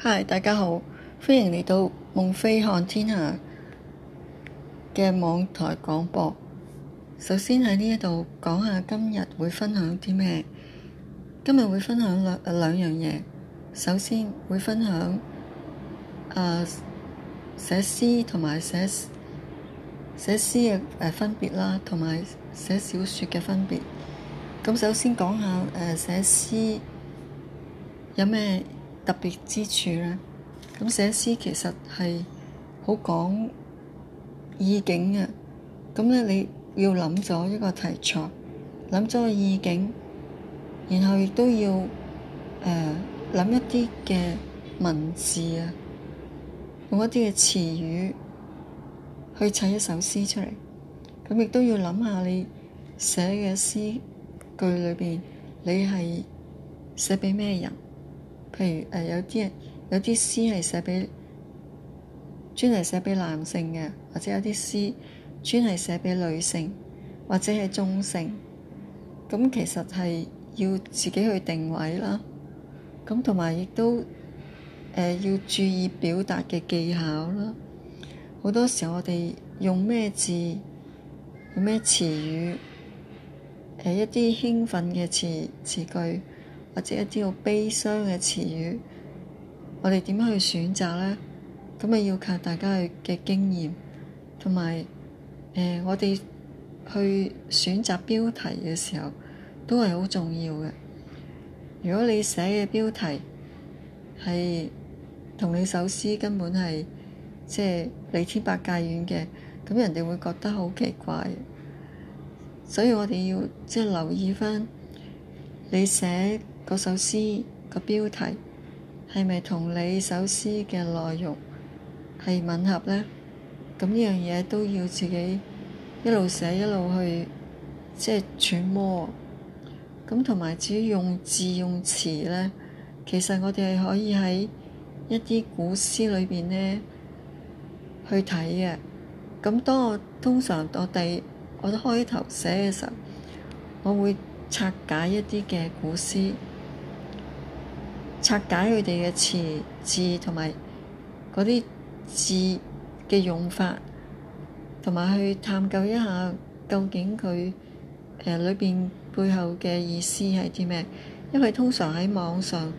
嗨，Hi, 大家好，歡迎嚟到夢飛看天下嘅網台廣播。首先喺呢一度講下今日會分享啲咩？今日會分享兩兩樣嘢。首先會分享啊、呃，寫詩同埋寫寫詩嘅分別啦，同埋寫小說嘅分別。咁首先講下誒、呃、寫詩有咩特別之處咧，咁寫詩其實係好講意境嘅。咁咧，你要諗咗一個題材，諗咗個意境，然後亦都要誒諗、呃、一啲嘅文字啊，用一啲嘅詞語去砌一首詩出嚟。咁亦都要諗下你寫嘅詩句裏邊，你係寫俾咩人？譬如誒、呃、有啲人有啲詩係寫畀專係寫畀男性嘅，或者有啲詩專係寫畀女性，或者係中性。咁其實係要自己去定位啦。咁同埋亦都誒、呃、要注意表達嘅技巧啦。好多時我哋用咩字，用咩詞語，誒一啲興奮嘅詞詞句。或者一啲好悲傷嘅詞語，我哋點樣去選擇呢？咁咪要靠大家嘅經驗同埋誒，我哋去選擇標題嘅時候都係好重要嘅。如果你寫嘅標題係同你首詩根本係即係離天八界遠嘅，咁人哋會覺得好奇怪。所以我哋要即係、就是、留意返你寫。嗰首詩個標題係咪同你首詩嘅內容係吻合咧？咁呢樣嘢都要自己一路寫一路去，即係揣摩。咁同埋至於用字用詞咧，其實我哋係可以喺一啲古詩裏邊咧去睇嘅。咁當我通常我哋我開頭寫嘅時候，我會拆解一啲嘅古詩。拆解佢哋嘅詞字同埋嗰啲字嘅用法，同埋去探究一下究竟佢誒、呃、裏邊背後嘅意思係啲咩？因為通常喺網上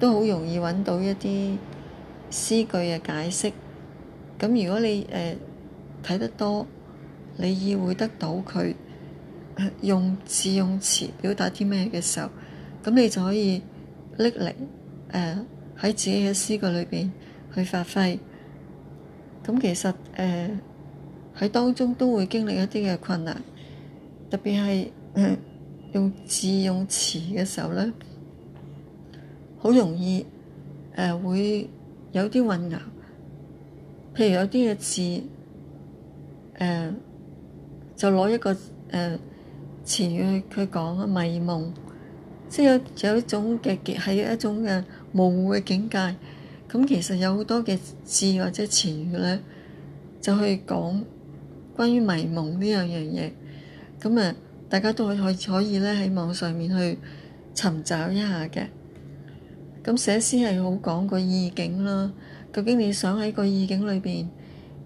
都好容易揾到一啲詩句嘅解釋。咁如果你誒睇得多，你意會得到佢用字用詞表達啲咩嘅時候，咁你就可以，搦嚟，誒喺、呃、自己嘅思覺裏邊去發揮，咁其實誒喺、呃、當中都會經歷一啲嘅困難，特別係、呃、用字用詞嘅時候咧，好容易誒、呃、會有啲混淆，譬如有啲嘅字，誒、呃、就攞一個誒、呃、詞語去佢講迷夢。即係有有一種嘅極係一種嘅模糊嘅境界，咁其實有好多嘅字或者詞語咧，就可以講關於迷夢呢樣樣嘢。咁啊，大家都可以可以可以咧喺網上面去尋找一下嘅。咁寫詩係好講個意境啦，究竟你想喺個意境裏邊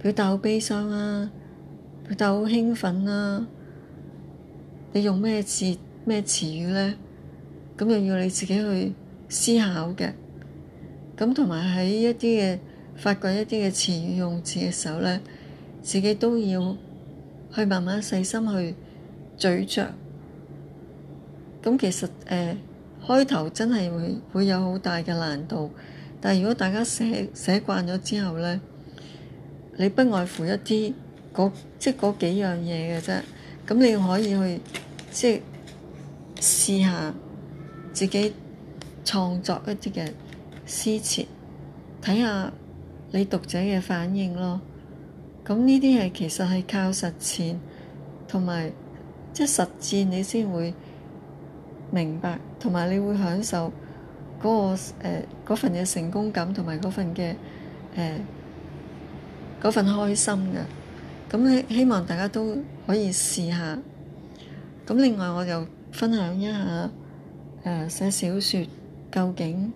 表達好悲傷啦、啊，表達好興奮啦、啊？你用咩字咩詞語咧？咁又要你自己去思考嘅，咁同埋喺一啲嘅發掘一啲嘅詞語用詞嘅時候咧，自己都要去慢慢細心去咀嚼。咁其實誒、呃、開頭真係會會有好大嘅難度，但係如果大家寫寫慣咗之後咧，你不外乎一啲嗰即係嗰幾樣嘢嘅啫，咁你可以去即係試下。自己創作一啲嘅詩詞，睇下你讀者嘅反應咯。咁呢啲係其實係靠實踐同埋即係實踐，你先會明白，同埋你會享受嗰、嗰個嗰、呃、份嘅成功感，同埋嗰份嘅誒嗰份開心嘅。咁希望大家都可以試下。咁另外，我就分享一下。誒、uh, 寫小説究竟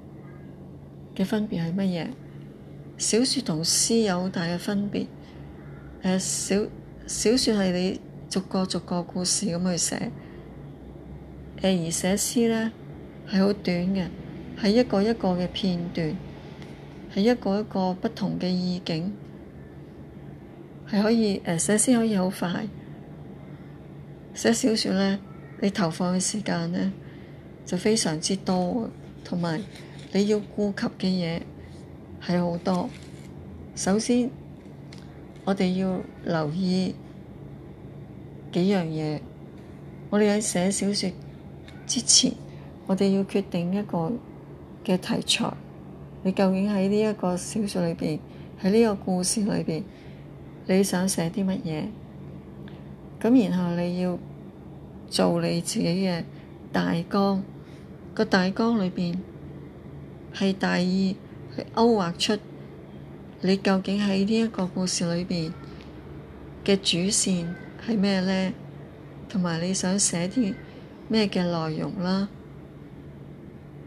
嘅分別係乜嘢？小説同詩有好大嘅分別。誒、uh, 小小説係你逐個逐個故事咁去寫，誒、uh, 而寫詩咧係好短嘅，係一個一個嘅片段，係一個一個不同嘅意境，係可以誒、uh, 寫詩可以好快，寫小説咧你投放嘅時間咧，就非常之多，同埋你要顧及嘅嘢係好多。首先，我哋要留意幾樣嘢。我哋喺寫小説之前，我哋要決定一個嘅題材。你究竟喺呢一個小説裏邊，喺呢個故事裏邊，你想寫啲乜嘢？咁然後你要做你自己嘅大綱。個大綱裏邊係大意，去勾畫出你究竟喺呢一個故事裏邊嘅主線係咩咧？同埋你想寫啲咩嘅內容啦，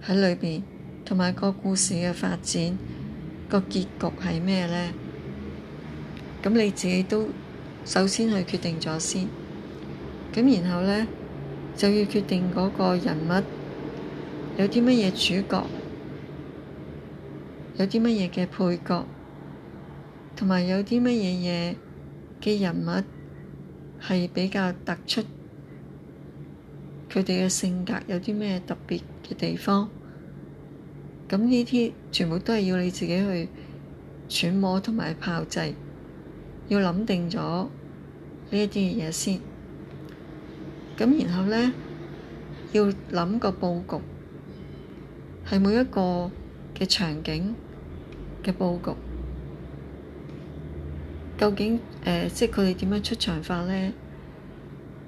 喺裏邊同埋個故事嘅發展個結局係咩咧？咁你自己都首先去決定咗先，咁然後咧就要決定嗰個人物。有啲乜嘢主角，有啲乜嘢嘅配角，同埋有啲乜嘢嘢嘅人物係比較突出，佢哋嘅性格有啲咩特別嘅地方？咁呢啲全部都係要你自己去揣摩同埋炮製，要諗定咗呢一啲嘅嘢先。咁然後咧，要諗個佈局。係每一個嘅場景嘅佈局，究竟誒、呃，即係佢哋點樣出場法咧？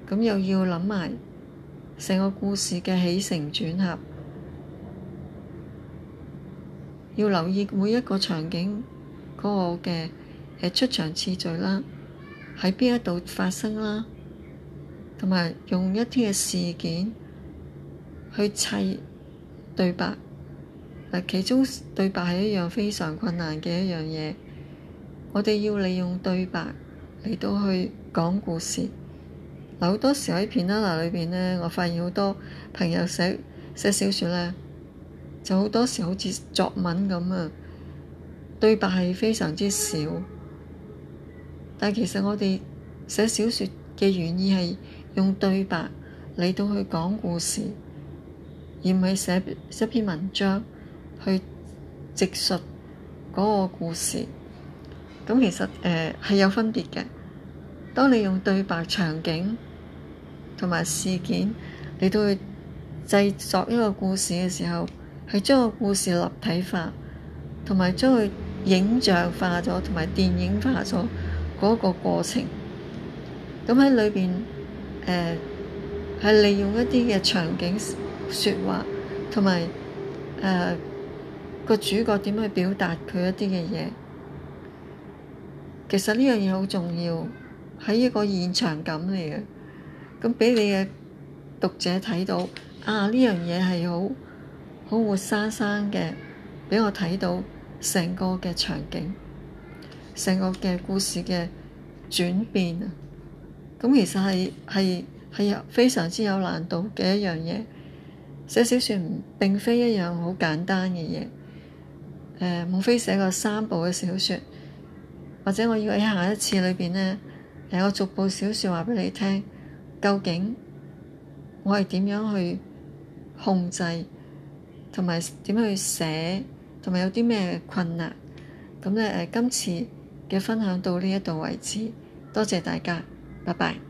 咁又要諗埋成個故事嘅起承轉合，要留意每一個場景嗰個嘅誒出場次序啦，喺邊一度發生啦，同埋用一啲嘅事件去砌對白。其中對白係一樣非常困難嘅一樣嘢。我哋要利用對白嚟到去講故事。好多時喺片啊嗱裏邊呢，我發現好多朋友寫寫小説呢，就好多時好似作文咁啊。對白係非常之少，但其實我哋寫小説嘅原意係用對白嚟到去講故事，而唔係寫寫篇文章。去直述嗰個故事，咁其實誒係、呃、有分別嘅。當你用對白、場景同埋事件你都會製作一個故事嘅時候，係將個故事立體化，同埋將佢影像化咗，同埋電影化咗嗰個過程。咁喺裏邊誒係利用一啲嘅場景説話同埋誒。個主角點去表達佢一啲嘅嘢？其實呢樣嘢好重要，係一個現場感嚟嘅。咁畀你嘅讀者睇到啊，呢樣嘢係好好活生生嘅，畀我睇到成個嘅場景，成個嘅故事嘅轉變啊！咁其實係係係非常之有難度嘅一樣嘢，寫小說唔並非一樣好簡單嘅嘢。誒，無非寫過三部嘅小說，或者我要喺下一次裏邊咧，係我逐部小說話畀你聽，究竟我係點樣去控制，同埋點樣去寫，同埋有啲咩困難。咁咧誒，今次嘅分享到呢一度為止，多謝大家，拜拜。